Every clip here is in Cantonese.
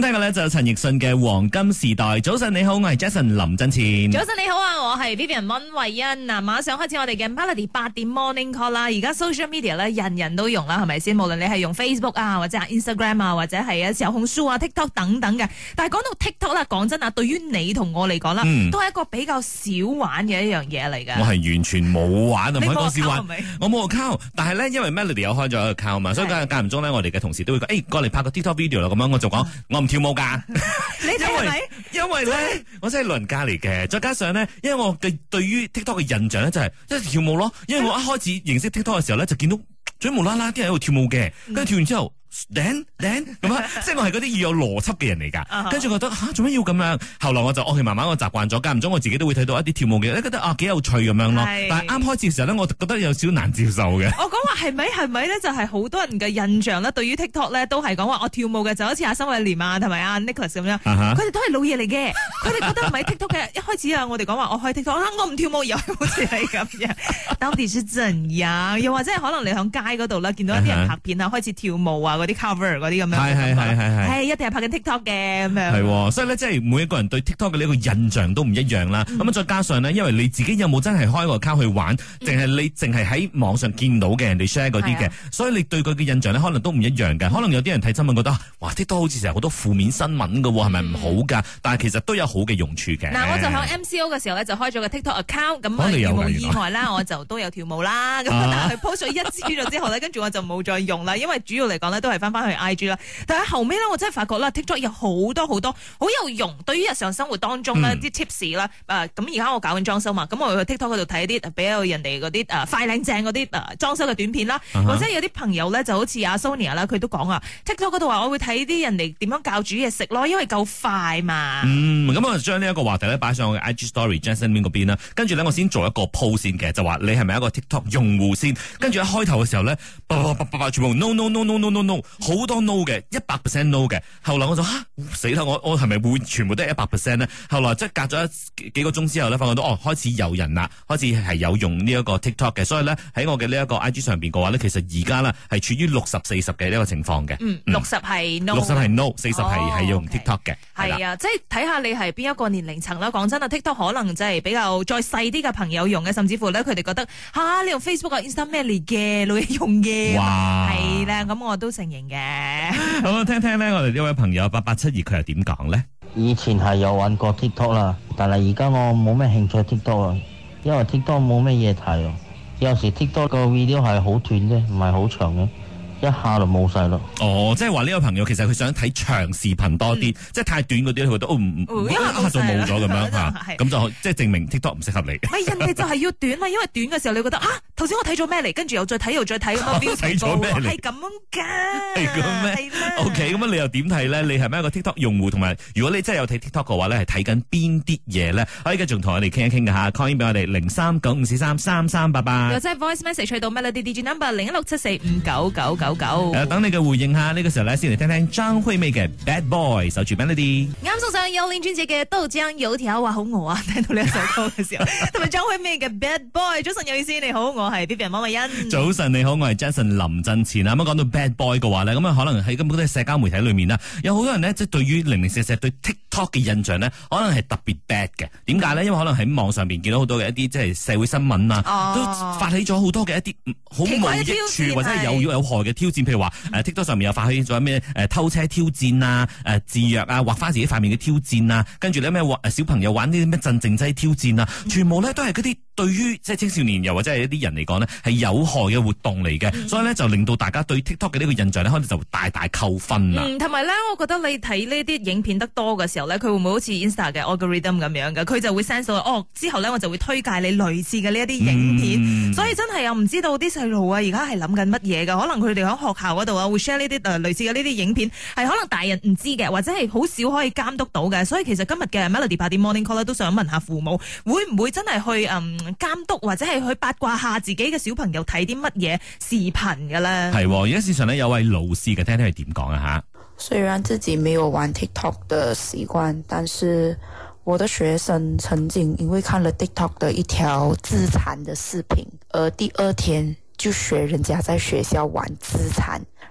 聽嘅咧就陳奕迅嘅黃金時代。早晨你好，我係 Jason 林振前。早晨你好啊，我係 Vivian 溫慧欣。啊，馬上開始我哋嘅 Melody 八點 Morning Call 啦。而家 Social Media 咧，人人都用啦，係咪先？無論你係用 Facebook 啊，或者 Instagram 啊，或者係小紅書啊、TikTok 等等嘅。但係講到 TikTok 啦，講真啊，對於你同我嚟講啦，嗯、都係一個比較少玩嘅一樣嘢嚟嘅。我係完全冇玩啊，唔 可以講少玩。我冇 account，但係咧，因為 Melody 有開咗一個 account 嘛，acc ount, 的所以間間唔中咧，我哋嘅同事都會講，誒、欸，過嚟拍個 TikTok video 啦，咁樣我就講， 跳舞噶， 你哋因為咧，為呢就是、我真係老人家嚟嘅，再加上咧，因為我嘅對於 TikTok 嘅印象咧、就是，就係一直跳舞咯。因為我一開始認識 TikTok 嘅時候咧，哎、呀就見到嘴無啦啦啲人喺度跳舞嘅，跟住跳完之後。then then 咁啊， 即係我係嗰啲要有邏輯嘅人嚟噶，跟住、uh huh. 覺得吓做咩要咁樣？後來我就、哦、起我係慢慢我習慣咗，間唔中我自己都會睇到一啲跳舞嘅，覺得啊幾有趣咁樣咯。是但係啱開始嘅時候咧，我覺得有少少難接受嘅。我講話係咪係咪咧？就係、是、好多人嘅印象咧，對於 TikTok 咧都係講話我跳舞嘅，就好似阿森偉廉啊同埋阿 Nicholas 咁樣，佢哋、uh huh. 都係老嘢嚟嘅。佢哋覺得唔係 TikTok 嘅， 一開始啊，我哋講話我開 TikTok 我唔跳舞又好似係咁樣。抖音上又或者可能你響街嗰度啦，見到一啲人拍片啊，uh huh. 開始跳舞啊。嗰啲 cover 嗰啲咁樣，係係係係係，一定係拍緊 TikTok 嘅咁樣。係，所以咧即係每一個人對 TikTok 嘅呢個印象都唔一樣啦。咁啊，再加上呢，因為你自己有冇真係開個 account 去玩，淨係你淨係喺網上見到嘅人哋 share 嗰啲嘅，所以你對佢嘅印象咧可能都唔一樣嘅。可能有啲人睇新聞覺得，哇！TikTok 好似成日好多負面新聞嘅喎，係咪唔好㗎？但係其實都有好嘅用處嘅。嗱，我就響 MCO 嘅時候咧，就開咗個 TikTok account，咁有冇意外啦，我就都有跳舞啦。咁但係 post 咗一支咗之後咧，跟住我就冇再用啦，因為主要嚟講呢。都係翻翻去 I G 啦，但係後尾咧，我真係發覺啦，TikTok 有好多好多好有用，對於日常生活當中呢啲 tips 啦、嗯，咁而家我搞緊裝修嘛，咁我去 TikTok 嗰度睇啲，俾到人哋嗰啲誒快靚正嗰啲誒裝修嘅短片啦，啊、哈或者有啲朋友咧就好似阿 Sonia 啦，佢都講啊，TikTok 嗰度話我會睇啲人哋點樣教煮嘢食咯，因為夠快嘛。咁、嗯、我就將呢一個話題咧擺上去 I G Story j u s n i a n 嗰邊啦，跟住咧我先做一個鋪線嘅，就話你係咪一個 TikTok 用戶先，跟住一開頭嘅時候咧、嗯，全部 no no no no no no no。好多 no 嘅，一百 percent no 嘅。後來我就吓死啦，我我係咪會全部都係一百 percent 咧？後來即係隔咗幾幾個鐘之後咧，發覺到哦，開始有人啦，開始係有用呢一個 TikTok 嘅。所以咧喺我嘅呢一個 IG 上邊嘅話咧，其實而家咧係處於六十四十嘅呢個情況嘅。六十係 no，六十係 no，四十係係用 TikTok 嘅。係、哦 okay. 的啊，即係睇下你係邊一個年齡層啦。講真啊，TikTok 可能即係比較再細啲嘅朋友用嘅，甚至乎咧佢哋覺得吓、啊、你用 Facebook 啊 Inst、Instagram 嚟嘅，女用嘅，哇！係啦。咁我都成。嘅， 好啦，聽聽咧，我哋呢位朋友八八七二佢係點講呢？以前係有揾過 TikTok 啦，但係而家我冇咩興趣 TikTok 啦，因為 TikTok 冇咩嘢睇。有時 TikTok 個 video 係好短啫，唔係好長嘅。一下就冇晒咯！哦，即係話呢個朋友其實佢想睇長視頻多啲，即係太短嗰啲佢都唔唔啊就冇咗咁樣，咁就即係證明 TikTok 唔適合你。係人哋就係要短啦，因為短嘅時候你覺得啊，頭先我睇咗咩嚟？跟住又再睇又再睇咁啊，睇咗咩嚟？係咁嘅。係咩？O K，咁你又點睇咧？你係咪一個 TikTok 用戶？同埋如果你真係有睇 TikTok 嘅話咧，係睇緊邊啲嘢咧？可以繼續同我哋傾一傾㗎嚇，Call 番俾我哋零三九五四三三三八八，或者 Voice Message 去到 Melody Digi Number 零一六七四五九九九。九、嗯、等你嘅回應下，呢、呢個時候咧，先嚟聽聽張惠妹嘅《Bad Boy》守住 melody 啱送上有線專輯嘅《豆漿油條》，話好餓啊！聽到呢一首歌嘅時候，同埋 張惠妹嘅《Bad Boy》。早晨有意思，你好，我係 B B M 阿文。早晨你好，我係 Jason 林振前啊。咁講到的話《Bad Boy》嘅話咧，咁啊可能喺根本都係社交媒體裏面啊，有好多人呢，即、就、係、是、對於零零四四對 TikTok 嘅印象呢，可能係特別 bad 嘅。點解呢？嗯、因為可能喺網上面見到好多嘅一啲即係社會新聞啊，哦、都發起咗好多嘅一啲好唔好處或者係有於有害嘅。挑戰，譬如話誒、啊、TikTok 上面又發起咗咩誒偷車挑戰啊，誒、啊、自虐啊，畫翻自己塊面嘅挑戰啊，跟住咧咩，小朋友玩啲咩鎮靜劑挑戰啊，全部咧都係嗰啲。對於即係青少年又或者係一啲人嚟講呢，係有害嘅活動嚟嘅，所以呢，就令到大家對 TikTok 嘅呢個印象呢，可能就大大扣分啦。嗯，同埋呢，我覺得你睇呢啲影片得多嘅時候呢，佢會唔會好似 Instagram 嘅 algorithm 咁樣嘅？佢就會 sense 到，哦，之後呢，我就會推介你類似嘅呢一啲影片。嗯，所以真係又唔知道啲細路啊，而家係諗緊乜嘢㗎？可能佢哋喺學校嗰度啊，會 share 呢啲類似嘅呢啲影片，係可能大人唔知嘅，或者係好少可以監督到嘅。所以其實今日嘅 Melody Party Morning Call 都想問下父母，會唔會真係去，嗯監督或者係去八卦下自己嘅小朋友睇啲乜嘢視頻噶啦，係而家市場咧有位老師嘅，聽聽佢點講啊吓。雖然自己沒有玩 TikTok 嘅習慣，但是我的學生曾經因為看了 TikTok 嘅一條自殘嘅視頻，而第二天就學人家在學校玩自殘。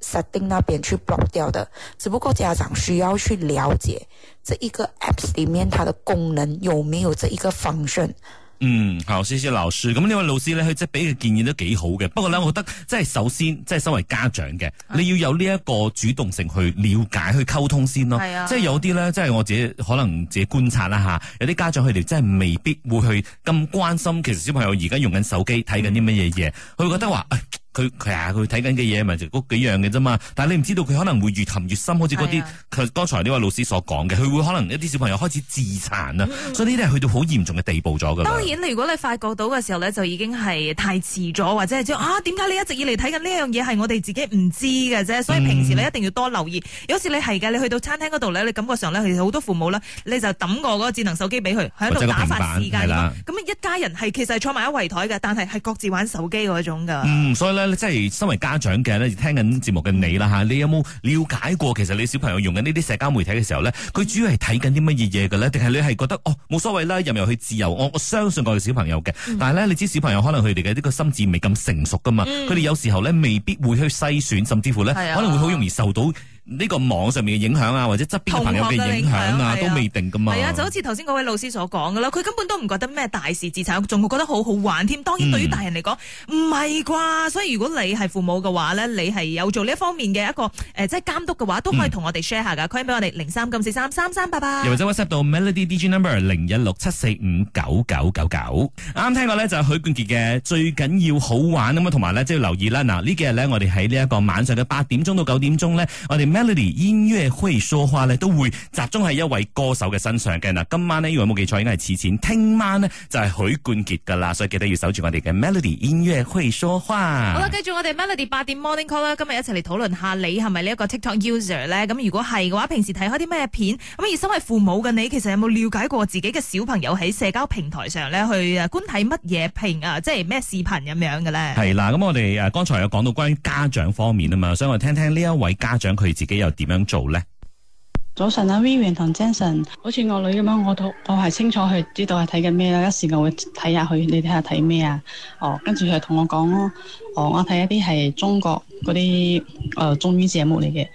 設定那邊去 block 掉的，只不過家長需要去了解這一個 apps 裏面它的功能有沒有這一個 function。嗯，好，謝謝老師，咁呢位老師呢，佢即係俾嘅建議都幾好嘅。不過呢，我覺得即係首先，即係身為家長嘅，啊、你要有呢一個主動性去了解、去溝通先咯。係啊，即係有啲呢，即係我自己可能自己觀察啦吓，有啲家長佢哋真係未必會去咁關心，其實小朋友而家用緊手機睇緊啲乜嘢嘢，佢、嗯、覺得話。嗯佢佢啊！佢睇緊嘅嘢咪就嗰幾樣嘅啫嘛。但係你唔知道佢可能會越陷越深，好似嗰啲佢剛才呢位老師所講嘅，佢會可能一啲小朋友開始自殘啦。嗯、所以呢啲係去到好嚴重嘅地步咗嘅。當然，如果你發覺到嘅時候呢，就已經係太遲咗，或者係即啊，點解你一直以嚟睇緊呢樣嘢係我哋自己唔知嘅啫？所以平時你一定要多留意。有時、嗯、你係嘅，你去到餐廳嗰度呢，你感覺上呢，其實好多父母呢，你就抌個嗰個智能手機俾佢喺度打發時間，咁一家人係其實坐埋一圍台嘅，但係係各自玩手機嗰種㗎、嗯。所以咧，即係身為家長嘅咧，聽緊節目嘅你啦吓，你有冇了解過？其實你小朋友用緊呢啲社交媒體嘅時候咧，佢主要係睇緊啲乜嘢嘢嘅咧？定係你係覺得哦，冇所謂啦，任由佢自由。我我相信我嘅小朋友嘅，嗯、但係咧，你知小朋友可能佢哋嘅呢個心智未咁成熟噶嘛，佢哋、嗯、有時候咧未必會去篩選，甚至乎咧可能會好容易受到。呢個網上面嘅影響啊，或者側邊朋友嘅影響啊，都未定噶嘛。係啊，就好似頭先嗰位老師所講嘅咯，佢根本都唔覺得咩大事自殘，仲會覺得好好玩添。當然，對於大人嚟講唔係啩。所以如果你係父母嘅話咧，你係有做呢一方面嘅一個誒，即係監督嘅話，都可以同我哋 share 下噶。call 俾我哋零三九四三三三八八。又或者 WhatsApp 到 Melody D J Number 零一六七四五九九九九。啱聽過咧，就係許冠傑嘅最緊要好玩咁啊，同埋咧即係留意啦。嗱，呢幾日咧，我哋喺呢一個晚上嘅八點鐘到九點鐘咧，我哋。Melody 音樂會說話咧，都會集中喺一位歌手嘅身上嘅嗱。今晚呢，因為我冇記錯，應該係遲前。聽晚呢，就係許冠傑噶啦，所以記得要守住我哋嘅 Melody 音樂會說話。好啦，繼續我哋 Melody 八點 Morning Call 啦，今日一齊嚟討論下你係咪呢一個 TikTok user 咧？咁如果係嘅話，平時睇開啲咩片？咁而身為父母嘅你，其實有冇了解過自己嘅小朋友喺社交平台上咧去啊觀睇乜嘢評啊，即係咩視頻咁樣嘅咧？係啦，咁我哋誒剛才有講到關於家長方面啊嘛，所以我聽聽呢一位家長佢自。自己又點樣做咧？早晨啊，Vivian 同 Jason，好似我女咁樣，我都我係清楚佢知道係睇緊咩啦。一時我會睇下佢，你睇下睇咩啊？哦，跟住佢同我講咯，哦，我睇一啲係中國嗰啲誒中醫節目嚟嘅。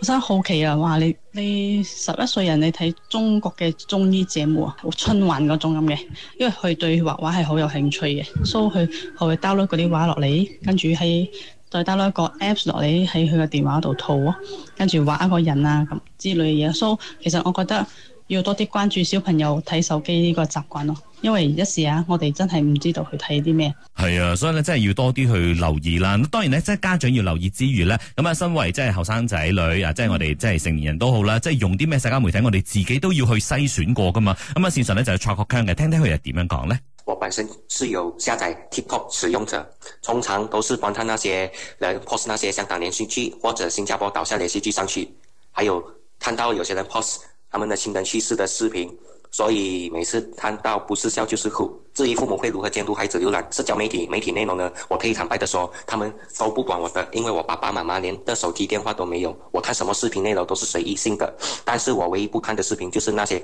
我真係好奇啊，話你你十一歲人你睇中國嘅中醫節目啊？好春晚嗰種咁嘅，因為佢對畫畫係好有興趣嘅，嗯、所以佢會 download 嗰啲畫落嚟，跟住喺。再 download 一個 apps 落嚟，喺佢個電話度套啊，跟住畫一個人啊咁之類嘅嘢，所以其實我覺得要多啲關注小朋友睇手機呢個習慣咯，因為一時啊，我哋真係唔知道佢睇啲咩。係啊，所以咧真係要多啲去留意啦。當然咧，即係家長要留意之餘咧，咁啊，身為即係後生仔女啊，即係我哋即係成年人都好啦，即係用啲咩社交媒體，我哋自己都要去篩選過噶嘛。咁啊，線上咧就坐個腔嘅，聽聽佢又點樣講咧。我本身是有下載 TikTok 使用者，通常都是觀看那些人 post 那些香港連續劇或者新加坡島下連續劇上去，還有看到有些人 post 他們的親人去世的視頻，所以每次看到不是笑就是哭。至於父母會如何監督孩子瀏覽社交媒體媒體內容呢？我可以坦白地說，他們都不管我的，因為我爸爸媽媽連個手機電話都沒有，我看什麼視頻內容都是隨意性的。但是我唯一不看的視頻就是那些。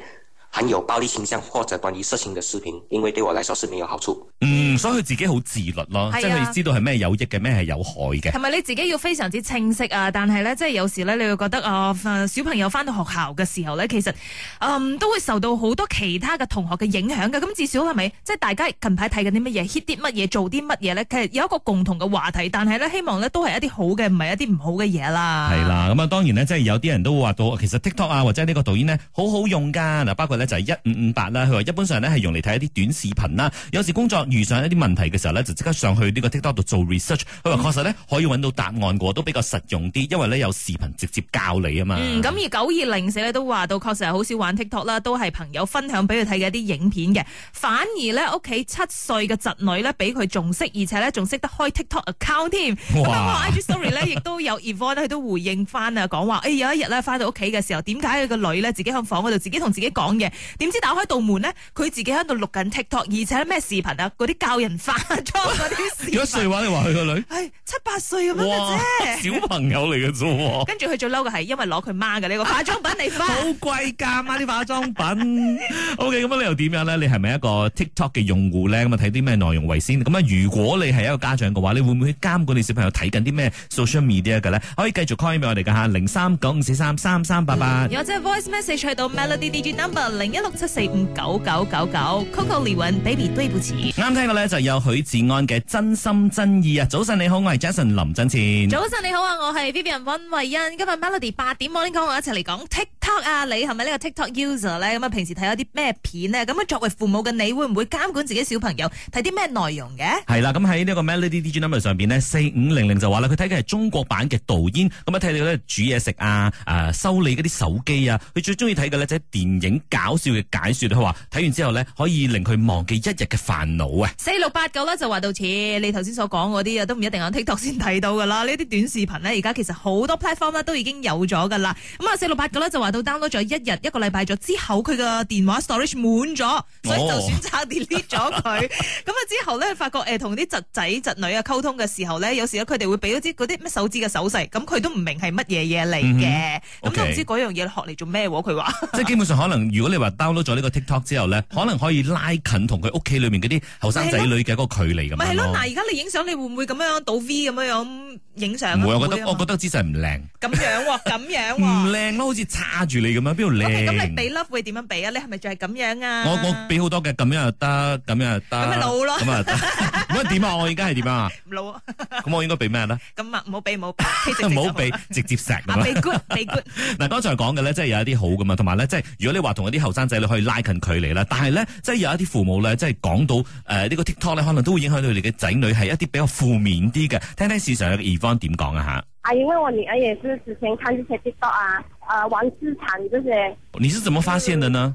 含有暴力傾向或者關於色情嘅視頻，因為對我嚟說是沒有好處。嗯，所以佢自己好自律咯，是啊、即係佢知道係咩有益嘅，咩係有害嘅。同埋你自己要非常之清晰啊。但係呢，即係有時呢，你會覺得啊、哦，小朋友翻到學校嘅時候呢，其實、嗯、都會受到好多其他嘅同學嘅影響嘅。咁至少係咪即係大家近排睇緊啲乜嘢，hit 啲乜嘢，做啲乜嘢呢？其實有一個共同嘅話題，但係呢，希望呢都係一啲好嘅，唔係一啲唔好嘅嘢啦。係啦，咁啊，當然呢，即係有啲人都會話到，其實 TikTok 啊或者呢個抖音呢，好好用噶嗱，包括呢就係一五五八啦，佢話一般上咧係用嚟睇一啲短視頻啦，有時工作遇上一啲問題嘅時候咧，就即刻上去呢個 TikTok 度做 research，佢話確實咧可以揾到答案嘅，都比較實用啲，因為咧有視頻直接教你啊嘛。咁、嗯、而九二零四咧都話到，確實係好少玩 TikTok 啦，都係朋友分享俾佢睇嘅一啲影片嘅，反而咧屋企七歲嘅侄女咧比佢仲識，而且咧仲識得開 TikTok account 添。咁啊，IG Story 咧亦都有 Eve 咧，佢都回應翻啊，講話誒有一日咧翻到屋企嘅時候，點解佢個女咧自己響房嗰度自己同自己講嘢？點知打開道門咧，佢自己喺度錄緊 TikTok，而且咩視頻啊？嗰啲教人化妝嗰啲視頻。幾多歲玩？你話佢個女係七八歲咁樣嘅啫，小朋友嚟嘅啫。哇跟住佢最嬲嘅係因為攞佢媽嘅呢個化妝品嚟化， 好貴噶嘛啲化妝品。O K，咁你又點樣咧？你係咪一個 TikTok 嘅用戶咧？咁啊睇啲咩內容為先？咁啊，如果你係一個家長嘅話，你會唔會監管你小朋友睇緊啲咩 social media 嘅咧？可以繼續 call 俾我哋嘅吓零三九五四三三三八八，或者 voice message 去到 Melody DJ Number。零一六七四五九九九九，Coco 李 Baby 對不起。啱聽嘅咧就有許志安嘅真心真意啊！早晨你好，我係 Jason 林振前。早晨你好啊，我係 Vivian 溫慧欣。今日 Melody 八點 Morning 講，我一齊嚟講 TikTok 啊！你係咪呢個 TikTok user 咧？咁啊，平時睇咗啲咩片呢？咁啊，作為父母嘅你會唔會監管自己小朋友睇啲咩內容嘅？係啦，咁喺呢個 Melody D G Number 上邊呢，四五零零就話啦，佢睇嘅係中國版嘅導演，咁啊睇到咧煮嘢食啊、呃，收修理嗰啲手機啊，佢最中意睇嘅咧就係電影搞笑嘅解說佢話睇完之後咧，可以令佢忘記一日嘅煩惱啊！四六八九呢，就話到此，似你頭先所講嗰啲啊，都唔一定喺 TikTok 先睇到噶啦。呢啲短視頻咧，而家其實好多 platform 都已經有咗噶啦。咁啊，四六八九呢，就話到 download 咗一日、哦、一個禮拜咗之後，佢個電話 storage 滿咗，哦、所以就選擇 delete 咗佢。咁啊 之後咧，發覺同啲、呃、侄仔侄女啊溝通嘅時候咧，有時佢哋會俾咗啲嗰啲咩手指嘅手勢，咁佢都唔明係乜嘢嘢嚟嘅，咁、嗯 okay、都唔知嗰樣嘢學嚟做咩喎？佢話，即基本上可能，如果你即係話 download 咗呢個 TikTok 之後咧，可能可以拉近同佢屋企裏面嗰啲後生仔女嘅一個距離咁。咪係咯，嗱，而家你影相你會唔會咁樣樣倒 V 咁樣樣影相？唔會啊，我覺得我覺得姿勢唔靚。咁樣喎，咁樣喎。唔靚咯，好似叉住你咁樣，邊度靚？咁你俾 love 會點樣俾啊？你係咪就係咁樣啊？我我俾好多嘅，咁樣又得，咁樣又得。咁咪老咯，咁啊得。咁啊點啊？我而家係點啊？老啊！咁我應該俾咩咧？咁啊，唔好俾冇，直接唔好俾，直接石啊！俾 good，俾 good。嗱，剛才講嘅咧，即係有一啲好噶嘛，同埋咧，即係如果你話同一啲。後生仔女可以拉近距離啦，但係咧，即係有一啲父母咧，即係講到誒、呃這個、呢個 tiktok 咧，可能都會影響到你哋嘅仔女係一啲比較負面啲嘅。聽聽事實嘅一方點講啊吓？啊，因為我女兒也是，是之前看啲睇 tiktok 啊，誒、啊，玩資產這、就、些、是。你是怎麼發現的呢？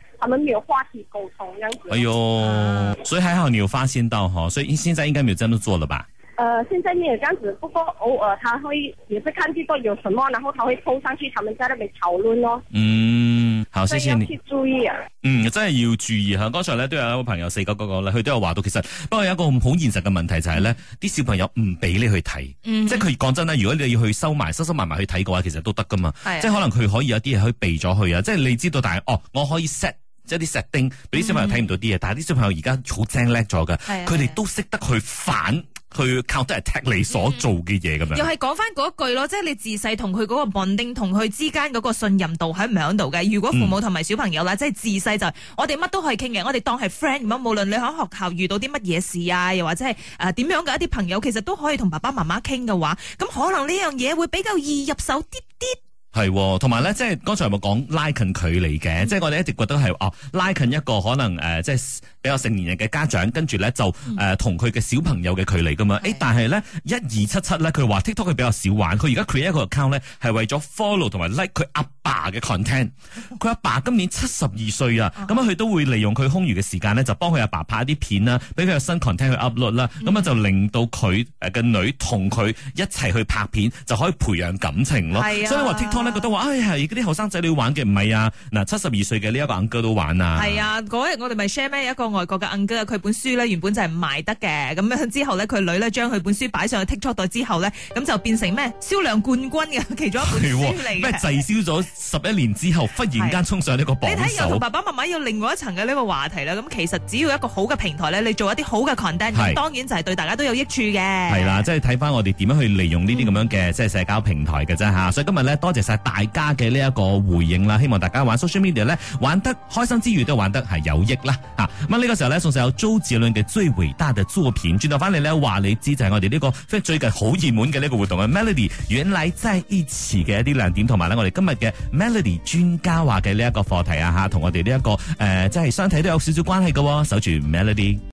他們沒有話題溝通子、啊，咁樣。哎呦，所以還好你有發現到哈，所以現在應該沒有這樣做了吧？呃，現在沒有這樣子，不過偶爾他會，也是看見到有什麼，然後他會衝上去，他們在那邊討論咯。嗯，好，謝謝你。要去注意啊！嗯，真係要注意吓。剛才咧都有一位朋友四九哥哥咧，佢都有話到，其實不過有一個咁好現實嘅問題就係、是、咧，啲小朋友唔俾你去睇。嗯哼。即係佢講真咧，如果你要去收埋、收收埋埋去睇嘅話，其實都得噶嘛。係的。即係可能佢可以有啲嘢可以避咗去啊！即係你知道，但係哦，我可以 set。即係啲設定，俾啲小朋友睇唔到啲嘢，嗯、但係啲小朋友而家好精叻咗㗎。佢哋的都識得去反，去靠得嚟踢你所做嘅嘢咁樣。又係講翻嗰句咯，即、就、係、是、你自細同佢嗰個 bonding 同佢之間嗰個信任度喺唔喺度嘅？如果父母同埋小朋友啦，嗯、即係自細就我哋乜都可以傾嘅，我哋當係 friend 咁樣，無論你喺學校遇到啲乜嘢事啊，又或者係誒點樣嘅一啲朋友，其實都可以同爸爸媽媽傾嘅話，咁可能呢樣嘢會比較易入手啲啲。係，同埋咧，即係剛才有有、like 嗯、我講拉近距離嘅，即係我哋一直覺得係哦，拉、like、近一個可能誒、呃，即係比較成年人嘅家長，跟住咧就誒同佢嘅小朋友嘅距離噶嘛。誒、嗯欸，但係咧一二七七咧，佢話 TikTok 佢比較少玩，佢而家 create 一個 account 咧係為咗 follow 同埋 like 佢阿爸嘅 content。佢阿 爸，爸今年七十二歲啊，咁樣佢都會利用佢空餘嘅時間咧，就幫佢阿爸拍一啲片啦，俾佢有新 content 去 upload 啦，咁、嗯、就令到佢誒嘅女同佢一齊去拍片，就可以培養感情咯。啊、所以話 TikTok。咧覺得話，哎呀，而啲後生仔女玩嘅唔係啊，嗱七十二歲嘅呢一個 u n 都玩啊。係啊，嗰日我哋咪 share 咩？一個外國嘅 u n c 佢本書咧原本就係賣得嘅，咁樣之後佢女咧將佢本書擺上去 TikTok 度之後呢，咁就變成咩銷量冠軍嘅其中一本咩銷咗十一年之後，忽然間衝上呢個榜、啊、你睇同爸爸媽媽要另外一層嘅呢個話題啦。咁其實只要一個好嘅平台你做一啲好嘅 content，啊、當然就係對大家都有益處嘅。係啦、啊，即係睇翻我哋點樣去利用呢啲咁樣嘅即係社交平台嘅啫吓，嗯、所以今日多謝。大家嘅呢一個回應啦，希望大家玩 social media 咧玩得開心之餘都玩得係有益啦吓。咁、這、呢個時候咧，仲有周杰倫嘅最偉大嘅作品轉頭翻嚟咧話你知就係、是、我哋呢個最近好熱門嘅呢個活動嘅 Melody 原來真係一詞嘅一啲亮點，同埋咧我哋今日嘅 Melody 專家話嘅呢一個課題啊吓，同我哋呢一個誒即係相體都有少少關係嘅，守住 Melody。